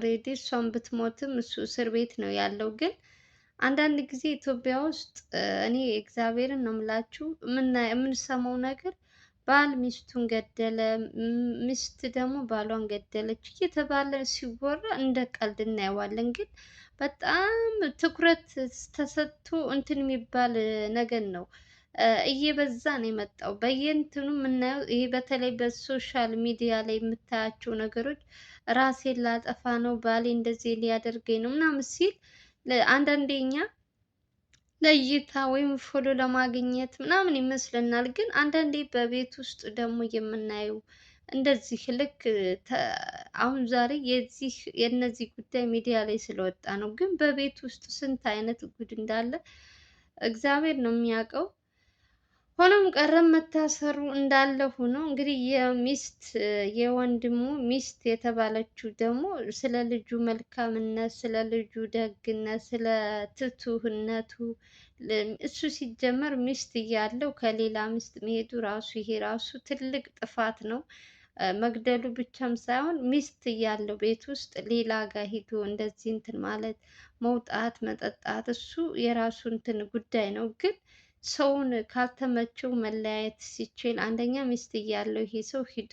ኦሬዲ እሷን ብትሞትም እሱ እስር ቤት ነው ያለው። ግን አንዳንድ ጊዜ ኢትዮጵያ ውስጥ እኔ እግዚአብሔርን ነው የምላችሁ የምንሰማው ነገር ባል ሚስቱን ገደለ፣ ሚስት ደግሞ ባሏን ገደለች እየተባለ ሲወራ እንደ ቀልድ እናየዋለን። ግን በጣም ትኩረት ተሰጥቶ እንትን የሚባል ነገር ነው። እየበዛ ነው የመጣው። በየእንትኑ የምናየው ይሄ በተለይ በሶሻል ሚዲያ ላይ የምታያቸው ነገሮች ራሴን ላጠፋ ነው፣ ባሌ እንደዚህ ሊያደርገኝ ነው ምናምን ሲል አንዳንዴ እኛ ለእይታ ወይም ፎሎ ለማግኘት ምናምን ይመስለናል። ግን አንዳንዴ በቤት ውስጥ ደግሞ የምናየው እንደዚህ ልክ አሁን ዛሬ የዚህ የእነዚህ ጉዳይ ሚዲያ ላይ ስለወጣ ነው። ግን በቤት ውስጥ ስንት አይነት ጉድ እንዳለ እግዚአብሔር ነው የሚያውቀው። ሆኖም ቀረም መታሰሩ እንዳለ ሆኖ እንግዲህ የሚስት የወንድሙ ሚስት የተባለችው ደግሞ ስለ ልጁ መልካምነት፣ ስለ ልጁ ደግነት፣ ስለ ትቱህነቱ እሱ ሲጀመር ሚስት እያለው ከሌላ ሚስት መሄዱ ራሱ ይሄ ራሱ ትልቅ ጥፋት ነው። መግደሉ ብቻም ሳይሆን ሚስት እያለው ቤት ውስጥ ሌላ ጋር ሂዶ እንደዚህ እንትን ማለት መውጣት፣ መጠጣት እሱ የራሱ እንትን ጉዳይ ነው ግን ሰውን ካልተመቸው መለያየት ሲችል አንደኛ ሚስት እያለው ይሄ ሰው ሂዶ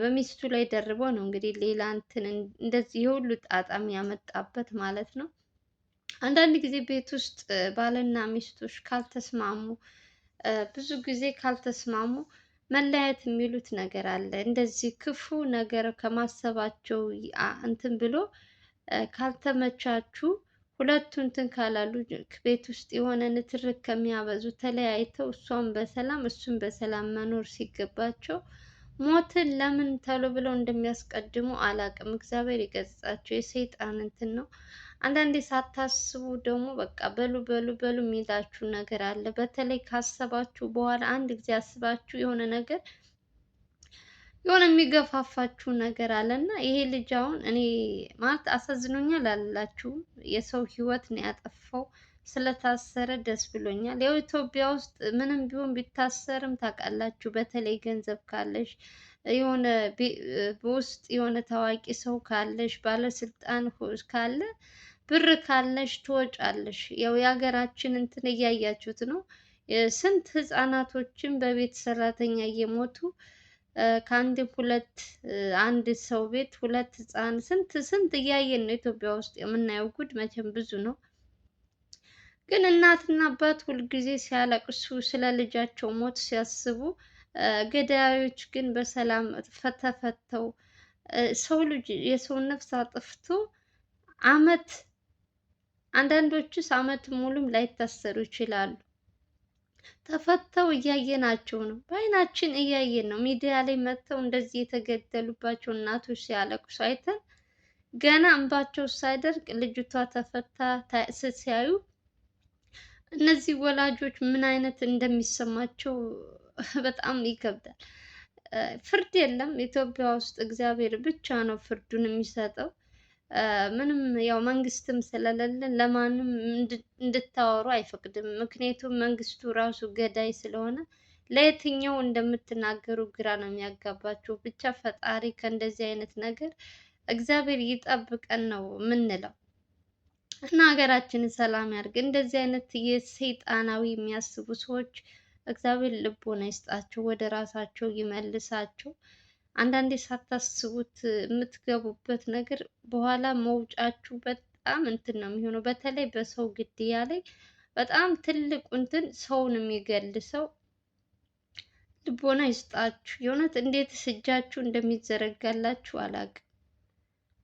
በሚስቱ ላይ ደርቦ ነው እንግዲህ ሌላ እንትን እንደዚህ የሁሉ ጣጣም ያመጣበት ማለት ነው። አንዳንድ ጊዜ ቤት ውስጥ ባልና ሚስቶች ካልተስማሙ፣ ብዙ ጊዜ ካልተስማሙ መለያየት የሚሉት ነገር አለ። እንደዚህ ክፉ ነገር ከማሰባቸው እንትን ብሎ ካልተመቻቹ ሁለቱ እንትን ካላሉ ቤት ውስጥ የሆነ ንትርክ ከሚያበዙ ተለያይተው እሷም በሰላም እሱም በሰላም መኖር ሲገባቸው ሞትን ለምን ተሎ ብለው እንደሚያስቀድሙ አላቅም። እግዚአብሔር ይገስጻቸው። የሰይጣን እንትን ነው። አንዳንዴ ሳታስቡ ደግሞ በቃ በሉ በሉ በሉ የሚላችሁ ነገር አለ። በተለይ ካሰባችሁ በኋላ አንድ ጊዜ አስባችሁ የሆነ ነገር የሆነ የሚገፋፋችሁ ነገር እና ይሄ ልጅ አሁን እኔ ማለት አሳዝኖኛል አላችሁም? የሰው ህይወት ነው ያጠፋው። ስለታሰረ ደስ ብሎኛል። ያው ኢትዮጵያ ውስጥ ምንም ቢሆን ቢታሰርም ታውቃላችሁ፣ በተለይ ገንዘብ ካለሽ የሆነ በውስጥ የሆነ ታዋቂ ሰው ካለሽ ባለስልጣን ካለ ብር ካለሽ ትወጫለሽ። ያው የሀገራችን እንትን እያያችሁት ነው። ስንት ህጻናቶችን በቤት ሰራተኛ እየሞቱ ከአንድ ሁለት አንድ ሰው ቤት ሁለት ህፃን ስንት ስንት እያየን ነው። ኢትዮጵያ ውስጥ የምናየው ጉድ መቼም ብዙ ነው። ግን እናትና አባት ሁልጊዜ ሲያለቅሱ ስለ ልጃቸው ሞት ሲያስቡ፣ ገዳዮች ግን በሰላም ተፈተው ሰው ልጅ የሰውን ነፍስ አጥፍቶ አመት አንዳንዶቹስ አመት ሙሉም ላይታሰሩ ይችላሉ። ተፈተው እያየናቸው ነው። በአይናችን እያየን ነው። ሚዲያ ላይ መጥተው እንደዚህ የተገደሉባቸው እናቶች ሲያለቅሱ አይተን ገና እንባቸው ሳይደርቅ ልጅቷ ተፈታ ሲያዩ እነዚህ ወላጆች ምን አይነት እንደሚሰማቸው በጣም ይከብዳል። ፍርድ የለም ኢትዮጵያ ውስጥ እግዚአብሔር ብቻ ነው ፍርዱን የሚሰጠው። ምንም ያው መንግስትም ስለሌለን ለማንም እንድታወሩ አይፈቅድም። ምክንያቱም መንግስቱ ራሱ ገዳይ ስለሆነ ለየትኛው እንደምትናገሩ ግራ ነው የሚያጋባችሁ። ብቻ ፈጣሪ ከእንደዚህ አይነት ነገር እግዚአብሔር ይጠብቀን ነው የምንለው እና ሀገራችን ሰላም ያድርግ። እንደዚህ አይነት የሰይጣናዊ የሚያስቡ ሰዎች እግዚአብሔር ልቦና ይስጣቸው፣ ወደ ራሳቸው ይመልሳቸው። አንዳንዴ ሳታስቡት የምትገቡበት ነገር በኋላ መውጫችሁ በጣም እንትን ነው የሚሆነው። በተለይ በሰው ግድያ ላይ በጣም ትልቁ እንትን ሰውን የሚገል ሰው ልቦና ይስጣችሁ። የእውነት እንዴት እጃችሁ እንደሚዘረጋላችሁ አላውቅም።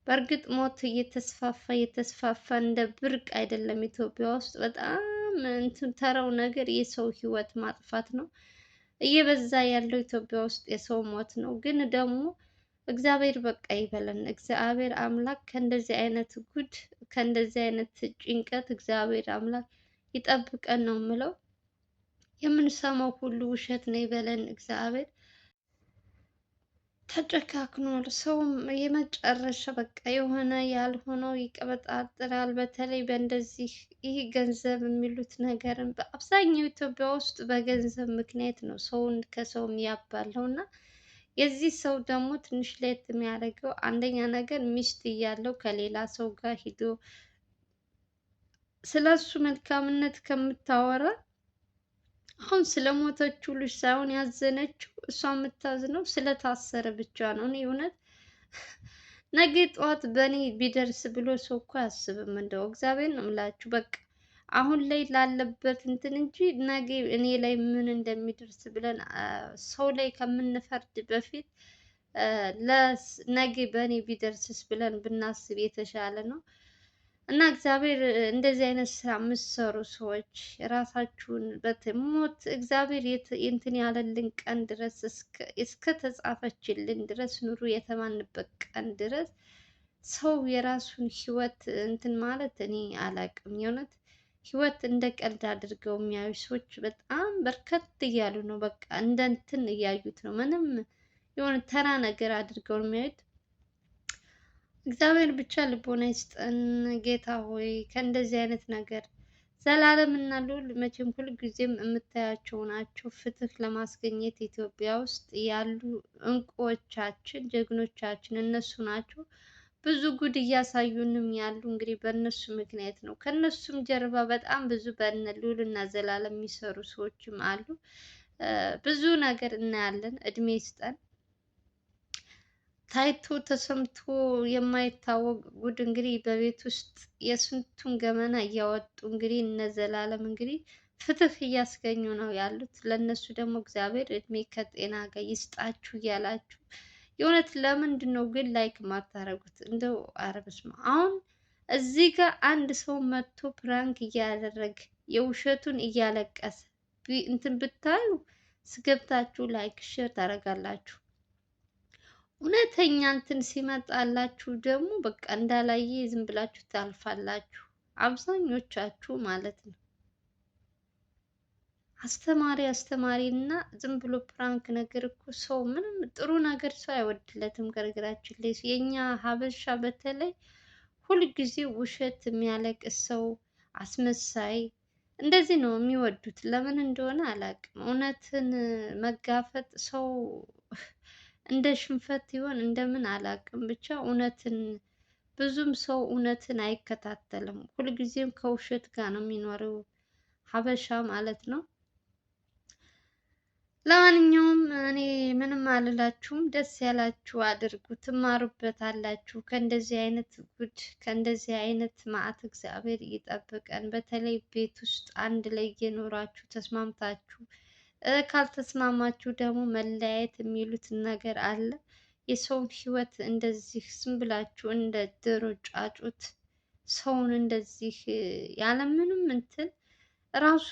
በእርግጥ ሞት እየተስፋፋ እየተስፋፋ እንደ ብርቅ አይደለም ኢትዮጵያ ውስጥ በጣም እንትን ተራው ነገር የሰው ህይወት ማጥፋት ነው። እየበዛ ያለው ኢትዮጵያ ውስጥ የሰው ሞት ነው። ግን ደግሞ እግዚአብሔር በቃ ይበለን። እግዚአብሔር አምላክ ከእንደዚህ አይነት ጉድ ከእንደዚህ አይነት ጭንቀት እግዚአብሔር አምላክ ይጠብቀን ነው የምለው። የምንሰማው ሁሉ ውሸት ነው ይበለን እግዚአብሔር። ተጨካክኗል። ሰው የመጨረሻ በቃ የሆነ ያልሆነው ይቀበጣጥራል። በተለይ በእንደዚህ ይህ ገንዘብ የሚሉት ነገርን በአብዛኛው ኢትዮጵያ ውስጥ በገንዘብ ምክንያት ነው ሰውን ከሰው ያባለው እና የዚህ ሰው ደግሞ ትንሽ ለየት የሚያደርገው አንደኛ ነገር ሚስት እያለው ከሌላ ሰው ጋር ሂዶ ስለሱ መልካምነት ከምታወራ አሁን ስለሞተችው ልጅ ሳይሆን ያዘነችው እሷ የምታዝነው ስለታሰረ ብቻ ነው። እኔ እውነት ነገ ጠዋት በእኔ ቢደርስ ብሎ ሰው እኮ አያስብም። እንደው እግዚአብሔር ነው የምላችሁ በቃ አሁን ላይ ላለበት እንትን እንጂ ነገ እኔ ላይ ምን እንደሚደርስ ብለን ሰው ላይ ከምንፈርድ በፊት ነገ በእኔ ቢደርስስ ብለን ብናስብ የተሻለ ነው። እና እግዚአብሔር እንደዚህ አይነት ስራ የምትሰሩ ሰዎች ራሳችሁን በትሞት እግዚአብሔር እንትን ያለልን ቀን ድረስ እስከ ተጻፈችልን ድረስ ኑሩ የተማንበት ቀን ድረስ ሰው የራሱን ህይወት እንትን ማለት እኔ አላቅም የእውነት ህይወት እንደ ቀልድ አድርገው የሚያዩ ሰዎች በጣም በርከት እያሉ ነው። በቃ እንደ እንትን እያዩት ነው። ምንም የሆነ ተራ ነገር አድርገው የሚያዩት እግዚአብሔር ብቻ ልቦና ይስጠን። ጌታ ሆይ ከእንደዚህ አይነት ነገር ዘላለም እና ልዑል መቼም ጊዜም የምታያቸው ናቸው። ፍትህ ለማስገኘት ኢትዮጵያ ውስጥ ያሉ እንቁዎቻችን ጀግኖቻችን እነሱ ናቸው። ብዙ ጉድ እያሳዩንም ያሉ እንግዲህ በእነሱ ምክንያት ነው። ከእነሱም ጀርባ በጣም ብዙ በእነ ልዑል እና ዘላለም የሚሰሩ ሰዎችም አሉ። ብዙ ነገር እናያለን። እድሜ ይስጠን። ታይቶ ተሰምቶ የማይታወቅ ጉድ እንግዲህ በቤት ውስጥ የስንቱን ገመና እያወጡ እንግዲህ እነ ዘላለም እንግዲህ ፍትህ እያስገኙ ነው ያሉት። ለእነሱ ደግሞ እግዚአብሔር እድሜ ከጤና ጋር ይስጣችሁ እያላችሁ የእውነት ለምንድን ነው ግን ላይክ ማታረጉት? እንደው ኧረ በስመ አብ። አሁን እዚህ ጋር አንድ ሰው መጥቶ ፕራንክ እያደረገ የውሸቱን እያለቀሰ እንትን ብታዩ ስገብታችሁ ላይክ ሼር ታደርጋላችሁ። እውነተኛ እንትን ሲመጣላችሁ ደግሞ በቃ እንዳላየ ዝም ብላችሁ ታልፋላችሁ። አብዛኞቻችሁ ማለት ነው። አስተማሪ አስተማሪ እና ዝም ብሎ ፕራንክ ነገር እኮ ሰው ምንም ጥሩ ነገር ሰው አይወድለትም። ገርግራችን ላይ የእኛ ሀበሻ በተለይ ሁልጊዜ ውሸት የሚያለቅ ሰው አስመሳይ እንደዚህ ነው የሚወዱት። ለምን እንደሆነ አላውቅም። እውነትን መጋፈጥ ሰው እንደ ሽንፈት ይሆን እንደምን አላውቅም። ብቻ እውነትን ብዙም ሰው እውነትን አይከታተልም። ሁልጊዜም ከውሸት ጋር ነው የሚኖረው ሀበሻ ማለት ነው። ለማንኛውም እኔ ምንም አልላችሁም። ደስ ያላችሁ አድርጉ፣ ትማሩበት አላችሁ። ከእንደዚህ አይነት ጉድ ከእንደዚህ አይነት ማዕት እግዚአብሔር ይጠብቀን። በተለይ ቤት ውስጥ አንድ ላይ እየኖራችሁ ተስማምታችሁ ካልተስማማችሁ ደግሞ መለያየት የሚሉት ነገር አለ። የሰውን ህይወት እንደዚህ ዝም ብላችሁ እንደ ድሮ ጫጩት ሰውን እንደዚህ ያለምንም እንትን ራሱ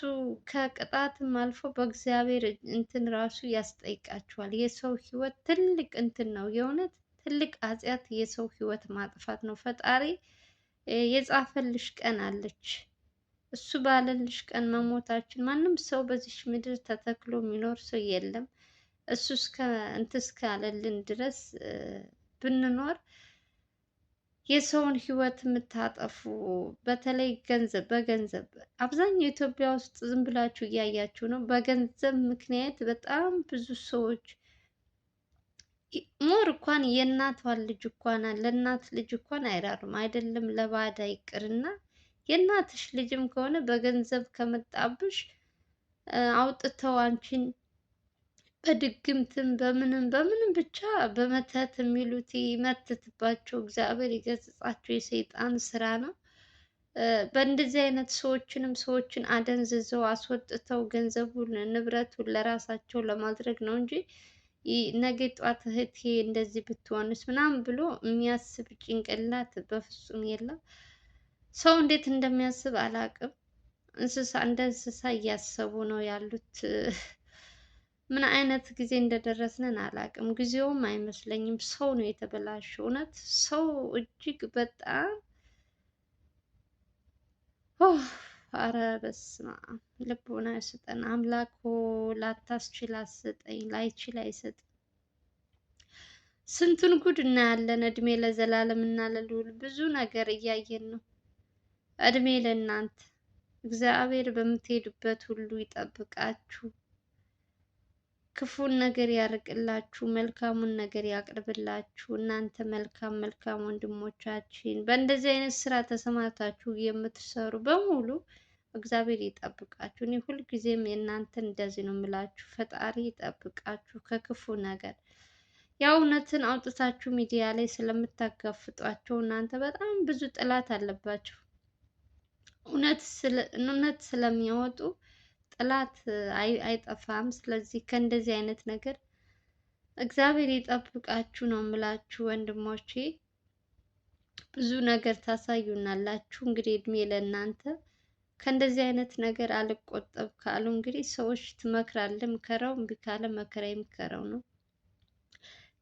ከቅጣትም አልፎ በእግዚአብሔር እንትን ራሱ ያስጠይቃችኋል። የሰው ህይወት ትልቅ እንትን ነው። የእውነት ትልቅ አጽያት የሰው ህይወት ማጥፋት ነው። ፈጣሪ የጻፈልሽ ቀን አለች። እሱ ባለልሽ ቀን መሞታችን ማንም ሰው በዚች ምድር ተተክሎ የሚኖር ሰው የለም። እሱ እስከ እንትን እስካለልን ድረስ ብንኖር የሰውን ህይወት የምታጠፉ በተለይ ገንዘብ በገንዘብ አብዛኛው ኢትዮጵያ ውስጥ ዝም ብላችሁ እያያችሁ ነው። በገንዘብ ምክንያት በጣም ብዙ ሰዎች ሞር እንኳን የእናቷን ልጅ እንኳን ለእናት ልጅ እንኳን አይራሩም። አይደለም ለባዳ ይቅርና የእናትሽ ልጅም ከሆነ በገንዘብ ከመጣብሽ አውጥተው አንቺን በድግምትም በምንም በምንም ብቻ በመተት የሚሉት ይመትትባቸው። እግዚአብሔር ይገስጻቸው። የሰይጣን ስራ ነው። በእንደዚህ አይነት ሰዎችንም ሰዎችን አደንዝዘው አስወጥተው ገንዘቡን ንብረቱን ለራሳቸው ለማድረግ ነው እንጂ ነገ ጧት እህቴ እንደዚህ ብትሆንስ ምናምን ብሎ የሚያስብ ጭንቅላት በፍጹም የለም። ሰው እንዴት እንደሚያስብ አላቅም እንስሳ እንደ እንስሳ እያሰቡ ነው ያሉት። ምን አይነት ጊዜ እንደደረስንን አላቅም ጊዜውም አይመስለኝም። ሰው ነው የተበላሸው። እውነት ሰው እጅግ በጣም አረ በስመ አብ ልቦና ይስጠን አምላክ። ላታስችል አትስጠኝ፣ ላይችል አይሰጥም። ስንቱን ጉድ እናያለን። እድሜ ለዘላለም እና ለልዑል ብዙ ነገር እያየን ነው። እድሜ ለእናንተ። እግዚአብሔር በምትሄዱበት ሁሉ ይጠብቃችሁ፣ ክፉን ነገር ያርቅላችሁ፣ መልካሙን ነገር ያቅርብላችሁ። እናንተ መልካም መልካም ወንድሞቻችን በእንደዚህ አይነት ስራ ተሰማርታችሁ የምትሰሩ በሙሉ እግዚአብሔር ይጠብቃችሁ። እኔ ሁልጊዜም የእናንተን እንደዚህ ነው የምላችሁ። ፈጣሪ ይጠብቃችሁ ከክፉ ነገር። ያው እውነትን አውጥታችሁ ሚዲያ ላይ ስለምታጋፍጧቸው እናንተ በጣም ብዙ ጥላት አለባችሁ። እውነት ስለሚያወጡ ጥላት አይጠፋም። ስለዚህ ከእንደዚህ አይነት ነገር እግዚአብሔር ይጠብቃችሁ ነው የምላችሁ ወንድሞቼ። ብዙ ነገር ታሳዩናላችሁ። እንግዲህ እድሜ ለእናንተ። ከእንደዚህ አይነት ነገር አልቆጠብ ካሉ እንግዲህ ሰዎች ትመክራለህ፣ ምከረው፣ እምቢ ካለ መከራ ይምከረው ነው።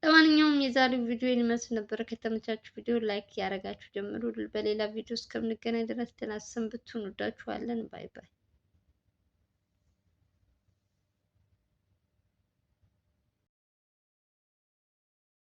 ለማንኛውም የዛሬው ቪዲዮ ይመስል ነበር። ከተመቻችሁ ቪዲዮ ላይክ ያደረጋችሁ ጀምሩ። በሌላ ቪዲዮ እስከምንገናኝ ድረስ ደህና ሰንብቱ። እንወዳችኋለን። ባይ ባይ።